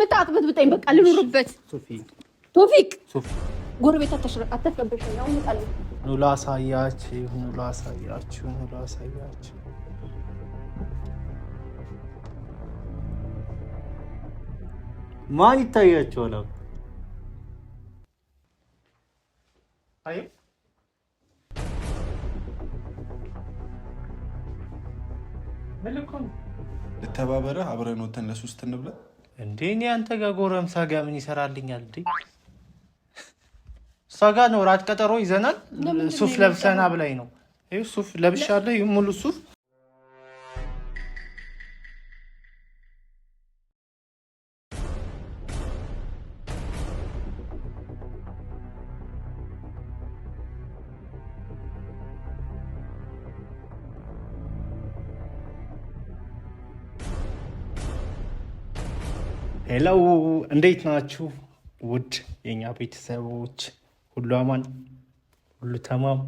ምጣት አትበጥብጠኝ። በቃ ልኑርበት። ቶፊቅ ጎረቤት አተፈበሽ ኑ ላሳያችሁ፣ ኑ ላሳያችሁ፣ ማን ይታያችኋል? አይ ልተባበረ አብረን ወተን ለሶስት እንብለን እንዴ እኔ አንተ ጋር ጎረምሳ ጋር ምን ይሰራልኛል? እንዴ እሷ ነው ራት ቀጠሮ ይዘናል። ሱፍ ለብሰና ብላኝ ነው። ይኸው ሱፍ ለብሻለሁ፣ ሙሉ ሱፍ ሄሎ እንዴት ናችሁ? ውድ የኛ ቤተሰቦች ሁሉ አማን ሁሉ ተማም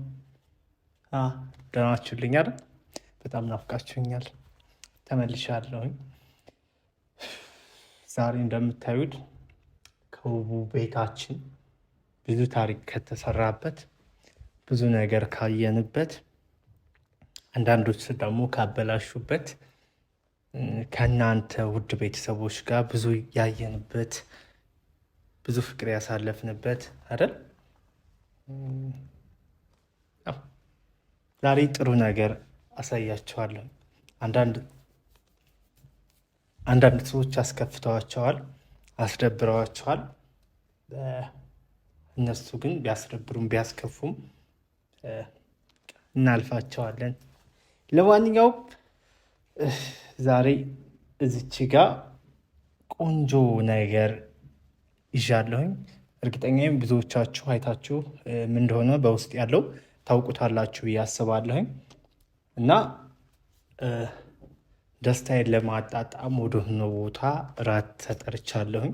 ደናችሁልኝ በጣም ናፍቃችሁኛል። ተመልሻለሁኝ። ዛሬ እንደምታዩት ከውቡ ቤታችን ብዙ ታሪክ ከተሰራበት ብዙ ነገር ካየንበት አንዳንዶች ደግሞ ካበላሹበት ከእናንተ ውድ ቤተሰቦች ጋር ብዙ ያየንበት ብዙ ፍቅር ያሳለፍንበት አይደል? ዛሬ ጥሩ ነገር አሳያቸዋለን። አንዳንድ ሰዎች አስከፍተዋቸዋል፣ አስደብረዋቸዋል። እነሱ ግን ቢያስደብሩም ቢያስከፉም እናልፋቸዋለን። ለማንኛውም ዛሬ እዚች ጋ ቆንጆ ነገር ይዣለሁኝ። እርግጠኛም ብዙዎቻችሁ አይታችሁ ምን እንደሆነ በውስጥ ያለው ታውቁታላችሁ እያስባለሁኝ እና ደስታዬን ለማጣጣም ወደሆነ ቦታ ራት ተጠርቻለሁኝ።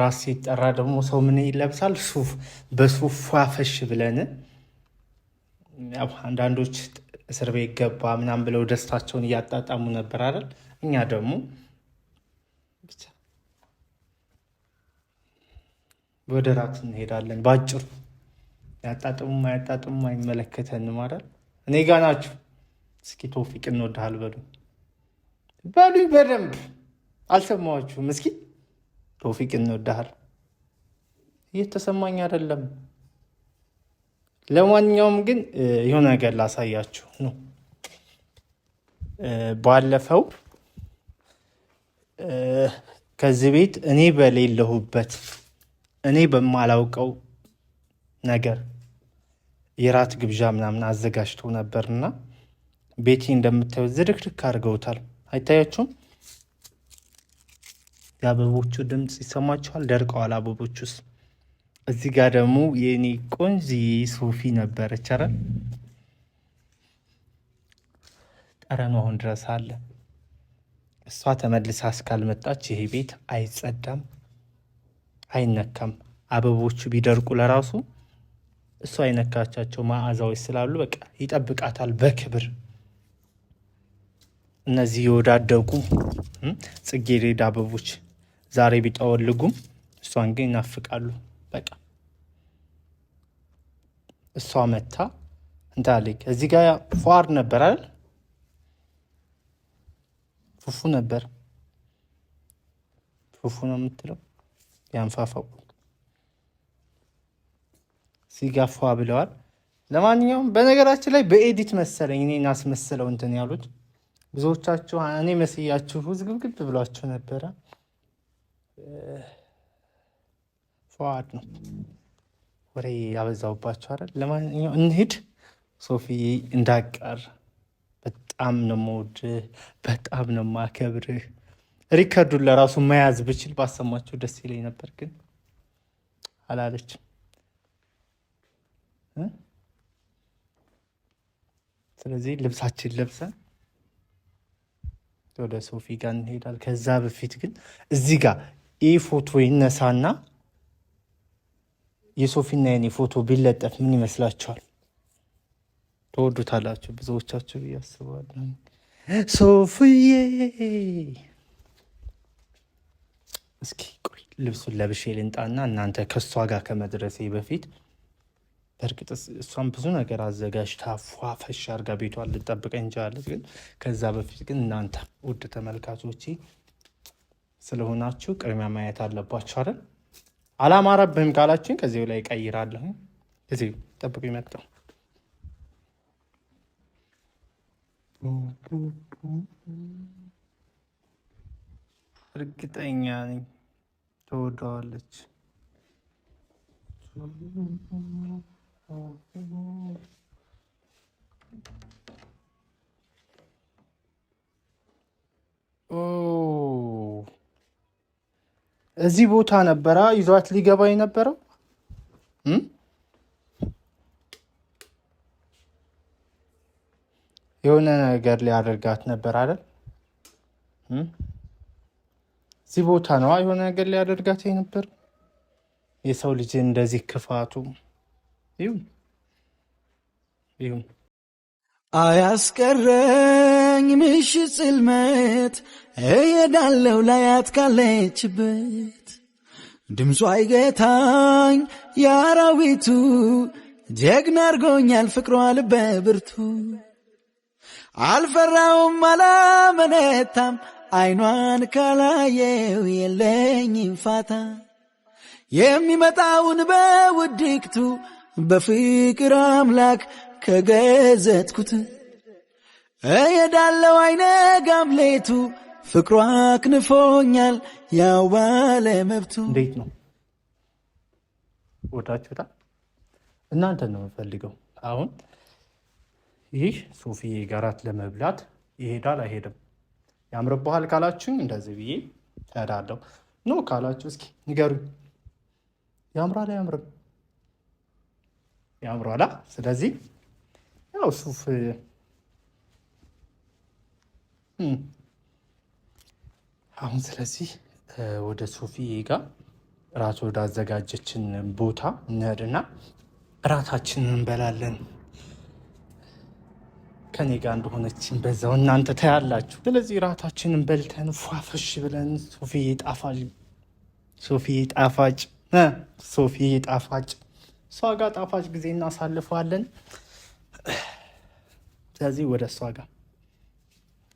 ራስ ሲጠራ ደግሞ ሰው ምን ይለብሳል? ሱፍ። በሱፍ ፏፈሽ ብለን አንዳንዶች እስር ቤት ገባ ምናምን ብለው ደስታቸውን እያጣጣሙ ነበር አይደል? እኛ ደግሞ ወደ ራት እንሄዳለን። ባጭሩ ያጣጥሙም አያጣጥሙም አይመለከተንም አይደል? እኔ ጋ ናችሁ። እስኪ ቶፊቅ እንወድሃል በሉ በሉኝ። በደንብ አልሰማችሁም? እስኪ ቶፊቅ እንወድሃል እየተሰማኝ አይደለም። ለማንኛውም ግን የሆነ ነገር ላሳያችሁ ነው። ባለፈው ከዚህ ቤት እኔ በሌለሁበት እኔ በማላውቀው ነገር የራት ግብዣ ምናምን አዘጋጅቶ ነበርና ቤቲ እንደምታዩት ዝርክርክ አድርገውታል። አይታያችሁም? የአበቦቹ ድምፅ ይሰማችኋል። ደርቀዋል አበቦቹስ እዚህ ጋር ደግሞ የኔ ቆንጅዬ ሶፊ ነበረች። ኧረ ጠረኑ አሁን ድረስ አለ። እሷ ተመልሳ እስካልመጣች ይሄ ቤት አይጸዳም፣ አይነካም። አበቦቹ ቢደርቁ ለራሱ እሷ አይነካቻቸው መዓዛዎች ስላሉ በቃ ይጠብቃታል በክብር እነዚህ የወዳደቁ ጽጌረዳ አበቦች ዛሬ ቢጠወልጉም እሷን ግን ይናፍቃሉ በቃ እሷ መታ እንታለ እዚህ ጋ ፏር ነበር አይደል? ፉፉ ነበር። ፉፉ ነው የምትለው ያንፋፋው። እዚህ ጋ ፏ ብለዋል። ለማንኛውም በነገራችን ላይ በኤዲት መሰለኝ እኔን አስመሰለው እንትን ያሉት ብዙዎቻችሁ እኔ መስያችሁ ዝግብግብ ብሏችሁ ነበረ። ፏድ ነው ወሬ ያበዛውባቸው አይደል? ለማንኛውም እንሄድ። ሶፊ እንዳቀር በጣም ነው የምወድህ፣ በጣም ነው የማከብርህ። ሪከርዱን ለራሱ መያዝ ብችል ባሰማቸው ደስ ይለኝ ነበር፣ ግን አላለችም። ስለዚህ ልብሳችን ለብሰን ወደ ሶፊ ጋር እንሄዳል። ከዛ በፊት ግን እዚህ ጋር ይህ ፎቶ ይነሳና የሶፊና የኔ ፎቶ ቢለጠፍ ምን ይመስላችኋል? ተወዱታላችሁ ብዙዎቻችሁ ብዬ አስባለሁ። ሶፍዬ እስኪ ቆይ ልብሱን ለብሼ ልንጣና እናንተ ከእሷ ጋር ከመድረሴ በፊት በእርግጥ እሷም ብዙ ነገር አዘጋጅታ ፏፈሽ አርጋ ቤቷ ልጠብቀኝ እንችላለች። ግን ከዛ በፊት ግን እናንተ ውድ ተመልካቾቼ ስለሆናችሁ ቅድሚያ ማየት አለባችሁ አይደል? አላማረብህም ካላችን ከዚህ ላይ ቀይራለሁ። እዚሁ ጠብቁ ይመጣው እርግጠኛ ነኝ ኦ እዚህ ቦታ ነበራ ይዟት ሊገባ የነበረው የሆነ ነገር ሊያደርጋት ነበር አይደል? እዚህ ቦታ ነዋ የሆነ ነገር ሊያደርጋት ነበር። የሰው ልጅ እንደዚህ ክፋቱ ይሁን ይሁን አያስቀረ በተሰማኝ ምሽት ጽልመት እየዳለው ላያት ካለችበት ድምጿ አይገታኝ የአራዊቱ ጀግና አርጎኛል ፍቅሯ ልበ ብርቱ አልፈራውም አላመነታም አይኗን ካላየው የለኝም ፋታ የሚመጣውን በውድቅቱ በፍቅር አምላክ ከገዘትኩት እየዳለው አይነ ጋምሌቱ ፍቅሯ አክንፎኛል ያው ባለ መብቱ። እንዴት ነው ወዳችሁታል? እናንተ ነው የምፈልገው። አሁን ይህ ሶፊዬ ጋራት ለመብላት ይሄዳል አይሄድም? ያምርብሃል ካላችሁኝ እንደዚህ ብዬ እሄዳለሁ። ኖ ካላችሁ እስኪ ንገሩኝ። ያምራል አያምርም? ያምራላ። ስለዚህ ያው ሱፍ አሁን ስለዚህ ወደ ሶፊ ጋር ራት አዘጋጀችን ቦታ እንሄድና እራታችንን እንበላለን። ከኔ ጋር እንደሆነችን በዛው እናንተ ታያላችሁ። ስለዚህ እራታችንን በልተን ፏፈሽ ብለን ሶፊዬ ጣፋጭ ሶፊዬ ጣፋጭ ሶፊዬ ጣፋጭ እሷ ጋር ጣፋጭ ጊዜ እናሳልፈዋለን። ስለዚህ ወደ እሷ ጋር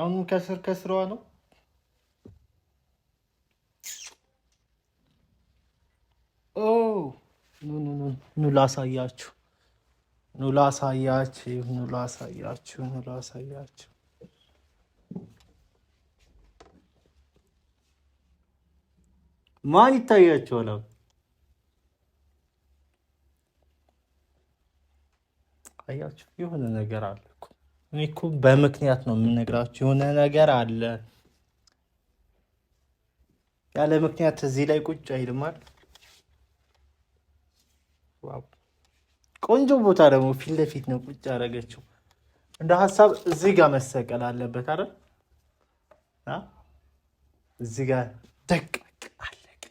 አሁንም ከስር ከስሯ ነው። ኦ ኑ ኑ ኑ ኑ ላሳያችሁ፣ ኑ ላሳያችሁ፣ ኑ ላሳያችሁ፣ ኑ ላሳያችሁ። ማን ይታያችኋል? አያችሁ፣ የሆነ ነገር አለ እኔ እኮ በምክንያት ነው የምነግራችሁ። የሆነ ነገር አለ። ያለ ምክንያት እዚህ ላይ ቁጭ አይልማል። ቆንጆ ቦታ ደግሞ ፊት ለፊት ነው ቁጭ ያደረገችው። እንደ ሀሳብ እዚህ ጋር መሰቀል አለበት። አረ እዚህ ጋር ደቅ አለቅ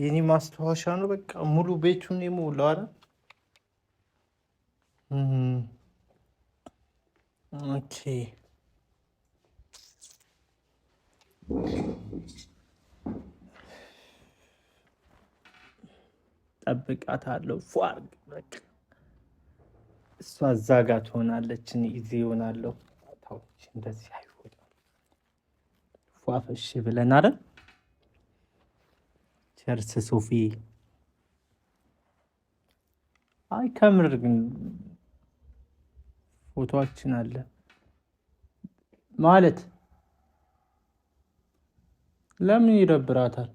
የኔ ማስታወሻ ነው። በቃ ሙሉ ቤቱን የሞላው አይደል? ኦኬ አለው ፏርግ እሷ እዛ ጋር ትሆናለች። ጊዜ ይሆናለሁ። እንደዚህ አይሆንም። ፏፈሽ ብለን አይደል ቸርስ ሶፊ አይ ከምር ግን ፎቶችን አለ ማለት ለምን ይደብራታል?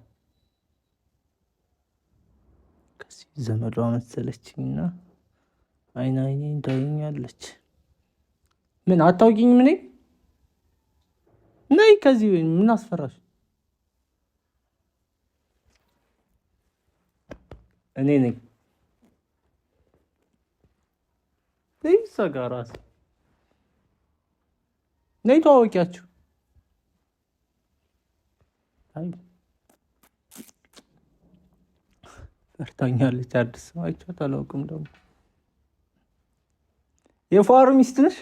ከዚህ ዘመዷ መሰለችኝና አይን አይኔን ታየኛለች። ምን አታውቂኝም? ምን ነይ ከዚህ ምን አስፈራሽ? እኔ ነኝ። ይሳ ጋር ራስ ነይ ተዋወቂያችሁ። ፈርታኛለች። አዲስ አይቻት አላውቅም። ደግሞ የፋሩ ሚስት ነሽ?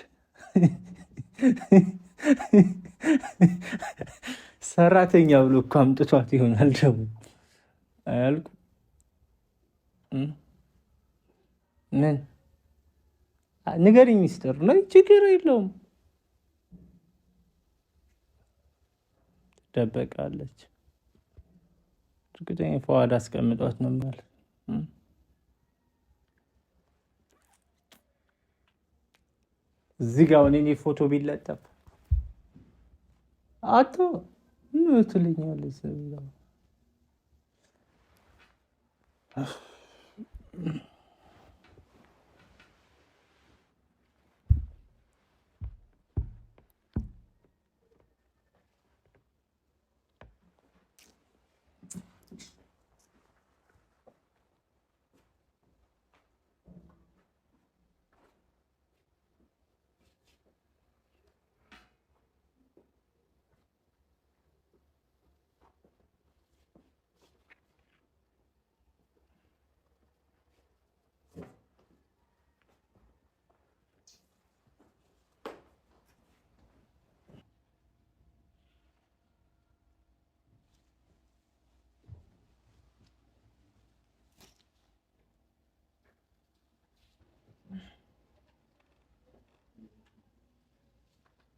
ሰራተኛ ብሎ እኮ አምጥቷት ይሆናል ደግሞ አያልቁ ምን ንገሪኝ፣ ሚስጥር ነው። ችግር የለውም። ደበቃለች። እርግጠኛ ፈዋድ አስቀምጧት ነው ማለት እዚህ ጋር እኔ ፎቶ ቢለጠፍ አቶ ምን ትልኛለች? mm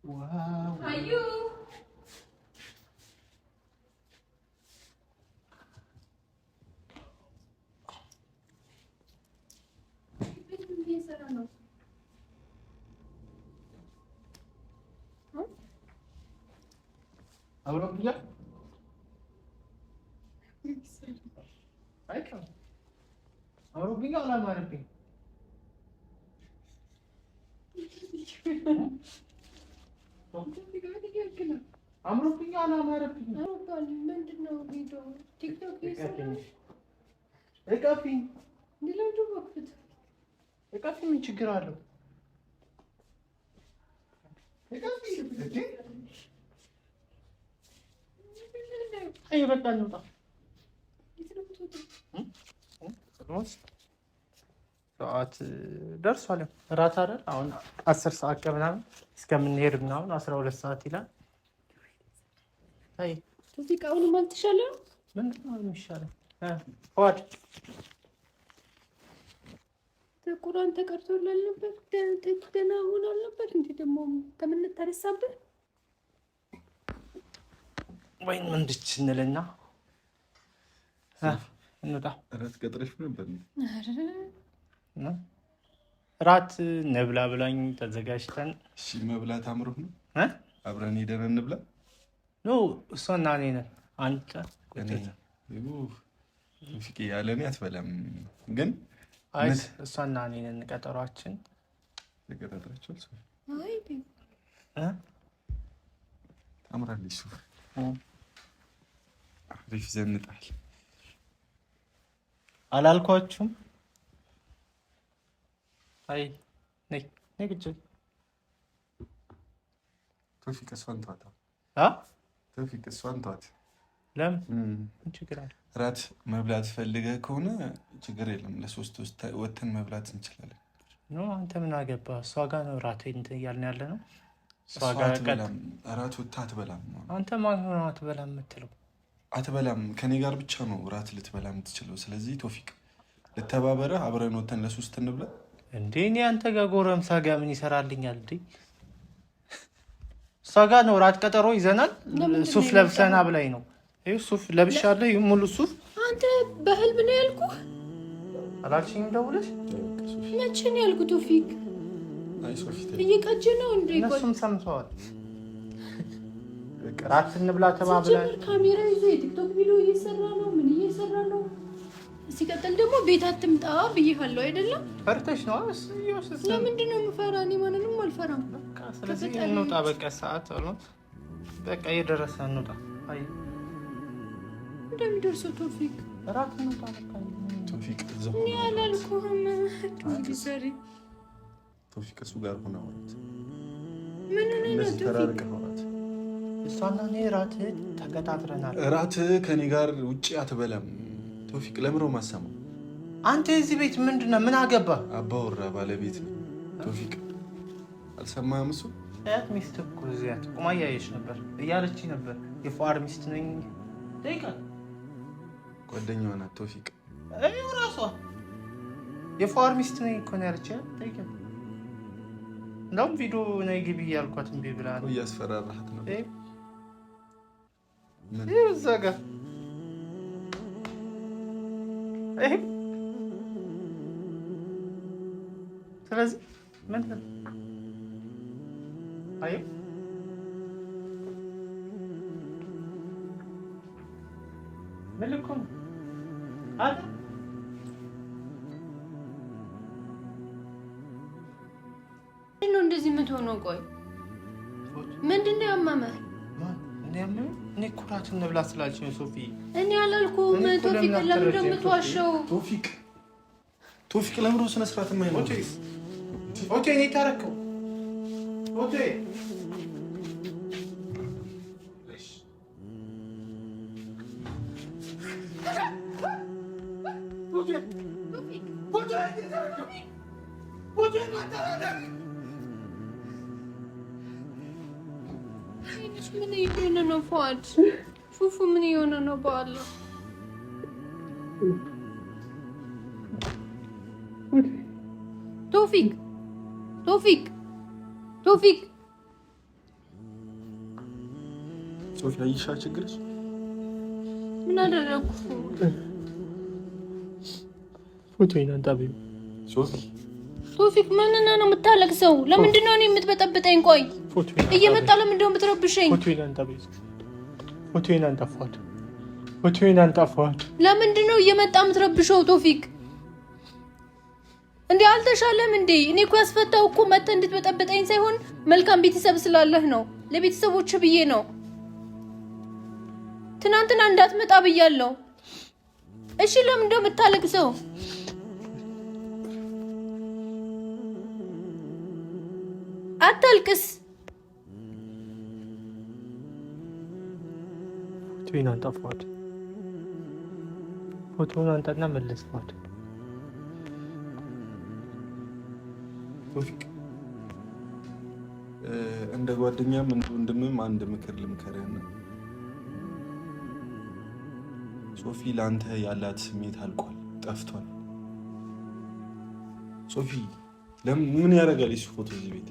Wow. Hayu. Ahora tuya. Ay ka. ya pinga wala marapin. አለብኝ። እቀፊኝ እቀፊኝ፣ ምን ችግር አለው? አይ በቃ እንውጣ። ሰዓት ደርሷል። እራት አይደል አሁን አስር ሰዓት ከምናምን እስከምንሄድ ምናምን አስራ ሁለት ሰዓት ይላል። አይ እዚህ እቃውንም አልተሻለም ምንድነው የሚሻለው? ዋድ ቁራን ተቀርቶ ላለበት ደህና ሆኖ አልነበር እንዴ? ደግሞ ከምን ወይን ምንድች እንልና እንውጣ። እራት ቀጥረሽ ነበር? እራት ነብላ ብላኝ ተዘጋጅተን። እሺ መብላት አምሮህ ነው። አብረን ሄደን እንብላ። ኖ እሷ እና እኔ ነን አንተ ፍቄ ያለ እኔ ግን አይ እሷና እኔ ነን ቀጠሯችን። ታምራለች። አሪፍ ዘንጣል አላልኳችሁም? አይ ነይ ነይ ግጭ ቶፊቅ እሷን ተዋት ቶፊቅ እሷን ተዋት ለምን ችግር አለ? ራት መብላት ፈልገህ ከሆነ ችግር የለም። ለሶስት ወተን መብላት እንችላለን። ኖ አንተ ምን አገባ? እሷ ጋ ነው ራት እያልን ያለ ነው። ራት ወታ አትበላም። አንተ ማን ሆነ አትበላም የምትለው? አትበላም ከኔ ጋር ብቻ ነው ራት ልትበላ የምትችለው። ስለዚህ ቶፊቅ ልተባበረ፣ አብረን ወተን ለሶስት እንብላ። እንዴ እኔ አንተ ጋር ጎረምሳ ጋር ምን ይሰራልኛል? እንዴ እሷ ጋ ነው ራት ቀጠሮ ይዘናል። ሱፍ ለብሰና ብላኝ ነው ይህ ሱፍ ለብሻለሁ። ይህ ሙሉ ሱፍ አንተ በህልም ነው ያልኩህ አላልሽኝም? ደውለሽ መቼ ነው ያልኩህ? ቶፊክ እየቀጀ ነው እንዴ? እነሱም ሰምተዋል። ራት እንብላ ተባብለን ካሜራ ይዞ የቲክቶክ ቪዲዮ እየሰራ ነው። ምን እየሰራ ነው? ሲቀጥል ደግሞ ቤት አትምጣ ብዬሃለሁ አይደለም? ፈርተሽ ነው? ለምንድን ነው የምፈራ? እኔ ማንንም አልፈራም። ስለዚህ እንውጣ። በቃ ሰዓት በቃ እየደረሰ እንውጣ። እንደሚደርሰው ቶፊቅ ራክ ነው ቶፊቅ እዛው እኔ አላልኩህም። ቶፊቅ እሱ ጋር ሆነ አውራት። ምን ነው እሷና እኔ ራት ተቀጣጥረናል። ራት ከኔ ጋር ውጭ አትበላም። ቶፊቅ ለምሮ ማሰማ አንተ እዚህ ቤት ምንድነው? ምን አገባ? አባወራ ባለቤት ነው ቶፊቅ። አልሰማህም? እሱ ያት ሚስት እኮ እዚያ ቁማ እያየች ነበር እያለች ነበር የፉአድ ሚስት ነኝ ጓደኛዋ ናት ቶፊቅ። ይኸው ራሷ የፋዋር ሚስት ነኝ እኮ ነው ያለች። ጠይቂያት። እንደውም ቪዲዮ ነይ ግቢ እያልኳት እምቢ ብላ እያስፈራራት ነው። ይህ እዛ ጋር ስለዚህ ምን አይ ምን ልኮ ነው ምንድን ነው እንደዚህ የምትሆነው? ቆይ ምንድን ነው ያመመህ? እኔ ኩራት እንብላ ስላልሽ ነው ሶፊ። እኔ አላልኩም። ቶፊቅ ለምን እንደምትዋሸው? ቶፊቅ ቶፊቅ ለምሮ ስነ ስርዓት የማይኖር ኦኬ። እኔ ታረከው ኦኬ ምን እየሆነ ነው? ፈዋድ ፉፉ ምን እየሆነ ነው? በአለ ቶፊክ ቶፊክ ቶፊክ ሶፊያ ይሻ ችግርሽ ምን አደረግኩ? ቶፊክ ምንና ነው የምታለቅሰው? ለምንድን ነው እኔ የምትበጠብጠኝ? ቆይ እየመጣ ለምንድን ነው የምትረብሸኝ? ለምንድን ነው እየመጣ የምትረብሸው? ቶፊክ እንዴ አልተሻለም እንዴ? እኔ እኮ ያስፈታው እኮ መጥተህ እንድትበጠብጠኝ ሳይሆን መልካም ቤተሰብ ስላለህ ነው፣ ለቤተሰቦች ብዬ ነው። ትናንትና እንዳትመጣ ብያለሁ። እሺ ለምንድን ነው የምታለቅሰው? አታልቅስ። ቲና ጠፏት። ፎቶውን አንጣና መለስኳት። እንደ ጓደኛም እንደ ወንድምም አንድ ምክር ልምከርህ። ሶፊ ለአንተ ያላት ስሜት አልቋል፣ ጠፍቷል። ሶፊ ምን ያደርጋል ፎቶ እዚህ ቤት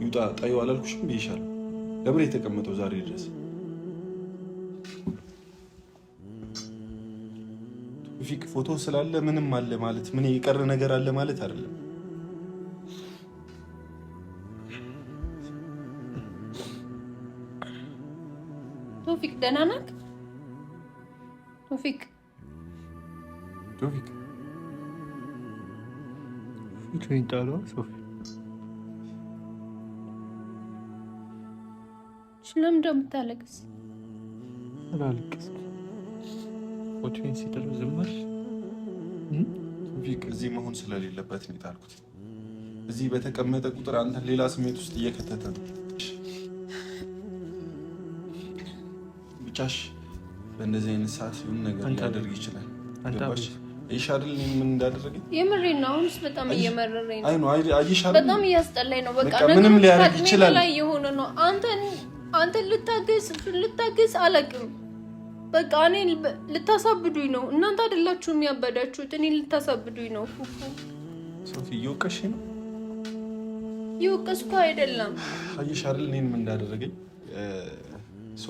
ይውጣ ጣዩ አላልኩሽም ብይሻል። ለምን የተቀመጠው ዛሬ ድረስ ቶፊቅ ፎቶ ስላለ ምንም አለ ማለት ምን የቀረ ነገር አለ ማለት አይደለም። ቶፊቅ ደህና ናት። ቶፊቅ ቶፊቅ ቶፊቅ ለምን እንደምታለቅስ ፎቶን ሲጥሉ ዝምር ቪክ እዚህ መሆን ስለሌለበት ነው የጣልኩት። እዚህ በተቀመጠ ቁጥር አንተ ሌላ ስሜት ውስጥ እየከተተ ነው። ብቻሽ በእንደዚህ አይነት ሰዓት ሲሆን ነገር ሊያደርግ ይችላል። ይሻ አይደል? ምን እንዳደረገ የምሬ ነው። አሁንስ በጣም እየመረረኝ ነው። አይ በጣም እያስጠላኝ ነው። በቃ ምንም ሊያደርግ ይችላል የሆነ ነው አንተን አንተ ልታገስ እሱን ልታገዝ አላውቅም። በቃ እኔ ልታሳብዱኝ ነው። እናንተ አይደላችሁ የሚያበዳችሁት፣ እኔ ልታሳብዱኝ ነው። ሶፊ እየወቀሽ ነው። እየወቀስኩ አይደለም። አየሽ አይደል እኔን ምን እንዳደረገኝ ሶ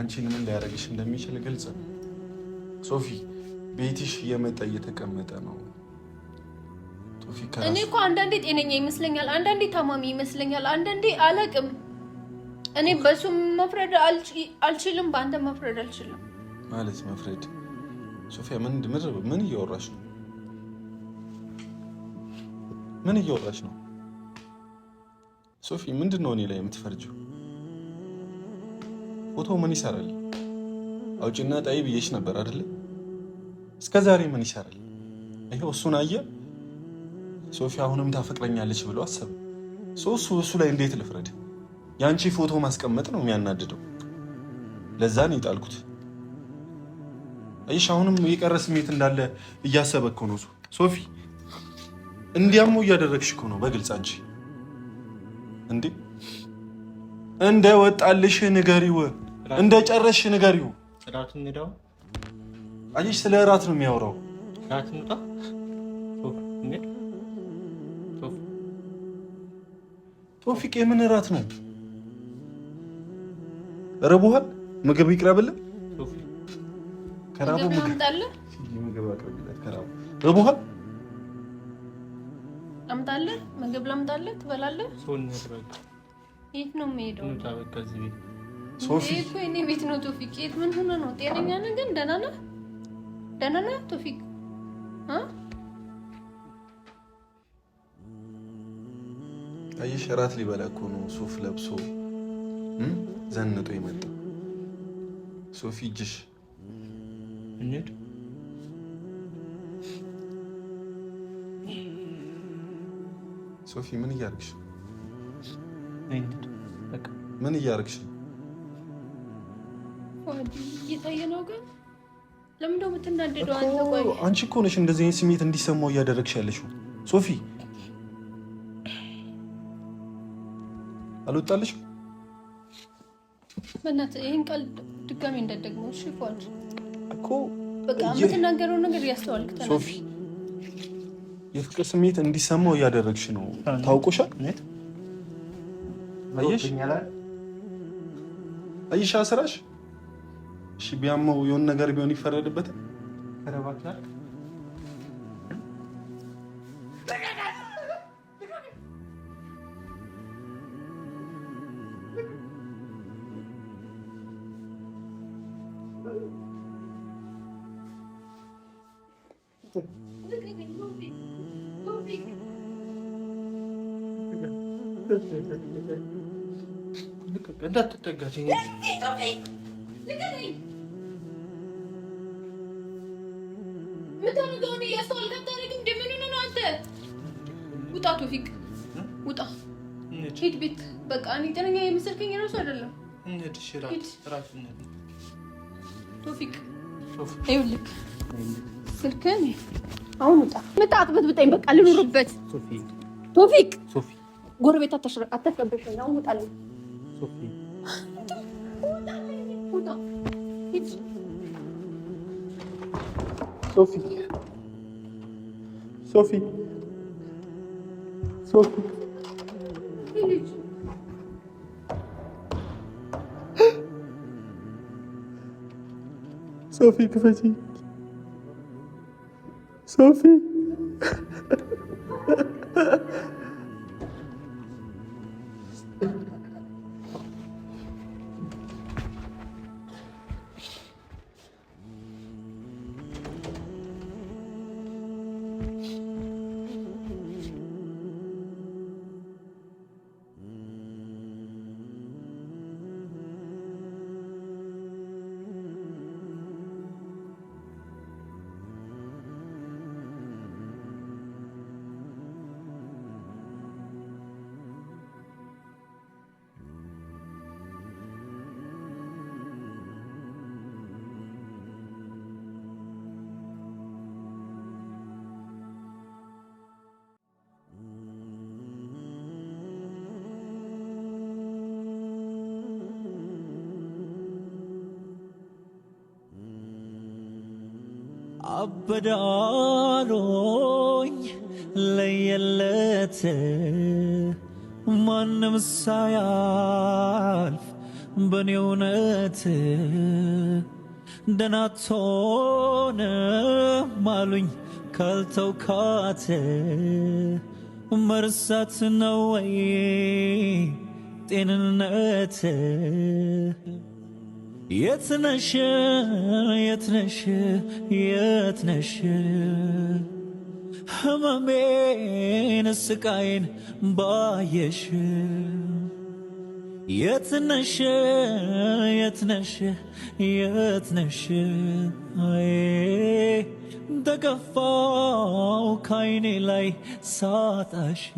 አንቺን ምን ሊያደርግሽ እንደሚችል ግልጽ ነው። ሶፊ ቤትሽ እየመጣ እየተቀመጠ ነው። እኔ እኮ አንዳንዴ ጤነኛ ይመስለኛል፣ አንዳንዴ ታማሚ ይመስለኛል፣ አንዳንዴ አላውቅም እኔ በሱ መፍረድ አልችልም፣ በአንተ መፍረድ አልችልም። ማለት መፍረድ ሶፊያ፣ ምን ምን እያወራሽ ነው? ምን እያወራሽ ነው ሶፊ? ምንድን ነው እኔ ላይ የምትፈርጂው? ቦታው ምን ይሰራል? አውጭና ጣይ ብዬሽ ነበር አይደለ? እስከ ዛሬ ምን ይሰራል? ይሄው እሱን አየ ሶፊ አሁንም ታፈቅረኛለች ብሎ አሰብ ሶ እሱ ላይ እንዴት ልፍረድ? የአንቺ ፎቶ ማስቀመጥ ነው የሚያናድደው። ለዛ ነው የጣልኩት። እሺ አሁንም የቀረ ስሜት እንዳለ እያሰበ ነው ሶፊ። እንዲያሞ እያደረግሽ እኮ ነው በግልጽ አንቺ። እንዴ እንደ ወጣልሽ ንገሪው፣ እንደ ጨረሽ ንገሪው። አየሽ፣ ስለ እራት ነው የሚያወራው። ቶፊቅ የምን እራት ነው? ርቦሃል? ምግብ ይቅረብልህ። ከራቡ ምግብ ርቦሃል? አምጣልህ፣ ምግብ ላምጣልህ፣ ትበላለህ። የት ነው የምሄደው? ሶፊ እኮ የእኔ ቤት ነው። ቶፊቅ የት ምን ሆነ ነው? ጤነኛ ነህ ግን? ደህና ነህ? ደህና ነህ ቶፊቅ? አየሽ፣ እራት ሊበላ እኮ ነው ሱፍ ለብሶ ዘንጦ የመጣ ሶፊ እጅሽ እንሂድ ሶፊ ምን እያደረግሽ ምን እያደረግሽ እየታየ ነው ግን ለምን እንደው የምትናደደው አንተ ቆይ አንቺ እኮ ነሽ እንደዚህ አይነት ስሜት እንዲሰማው እያደረግሽ ያለሽው ሶፊ አልወጣልሽም በእናትህ ይህን ቃል ድጋሚ እንዳትደግመው እሺ። እኮ በቃ የምትናገረው ነገር ሶፊ፣ የፍቅር ስሜት እንዲሰማው እያደረግሽ ነው። ታውቆሻል። አየሽ አስራሽ እሺ፣ ቢያመው ነገር ቢሆን ይፈረድበታል። አትጠጋኝ። ውጣ ቶፊቅ ውጣ፣ ሂድ ቤት። በቃ እኔ ጤነኛ የመሰልከኝ እራሱ አይደለም። ቶፊቅ ይኸውልህ ስልክህን አሁን ውጣ። መጣ አትበጥብጠኝ። በቃ ልኑርበት። ቶፊቅ ጎረቤት አታስረብሸኝ። አሁን ውጣ። Sophie. Sophie. Sophie. Sophie Sophie. አበዳሎኝ ለየለት ማንም ሳያልፍ በኔ እውነት ደናቶንም አሉኝ ካልተውካት መርሳት ነው ወይ ጤንነት የትነሽ የትነሽ የትነሽ ሕመሜን ስቃዬን ባየሽ የትነሽ የትነሽ የትነሽ ተገፋው ካይኔ ላይ ሳጣሽ